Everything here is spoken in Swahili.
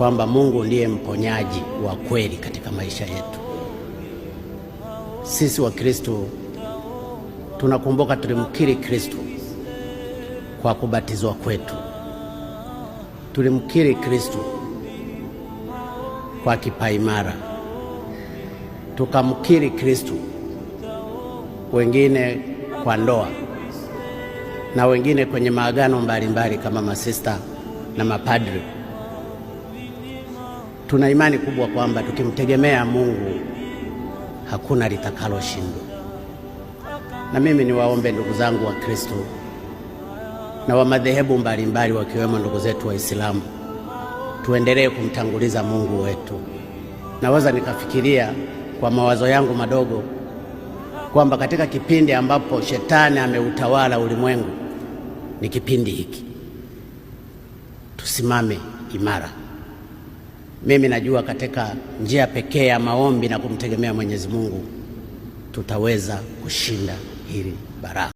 kwamba Mungu ndiye mponyaji wa kweli katika maisha yetu. Sisi wa Kristo tunakumbuka tulimkiri Kristo kwa kubatizwa kwetu, tulimkiri Kristo kwa kipaimara, tukamkiri Kristo wengine kwa ndoa na wengine kwenye maagano mbalimbali kama masista na mapadri. Tuna imani kubwa kwamba tukimtegemea Mungu hakuna litakaloshindwa. Na mimi niwaombe ndugu zangu wa Kristo na wa madhehebu mbalimbali wakiwemo ndugu zetu Waislamu, tuendelee kumtanguliza Mungu wetu. Naweza nikafikiria kwa mawazo yangu madogo kwamba katika kipindi ambapo shetani ameutawala ulimwengu ni kipindi hiki, tusimame imara. Mimi najua katika njia pekee ya maombi na kumtegemea Mwenyezi Mungu tutaweza kushinda hili baraka.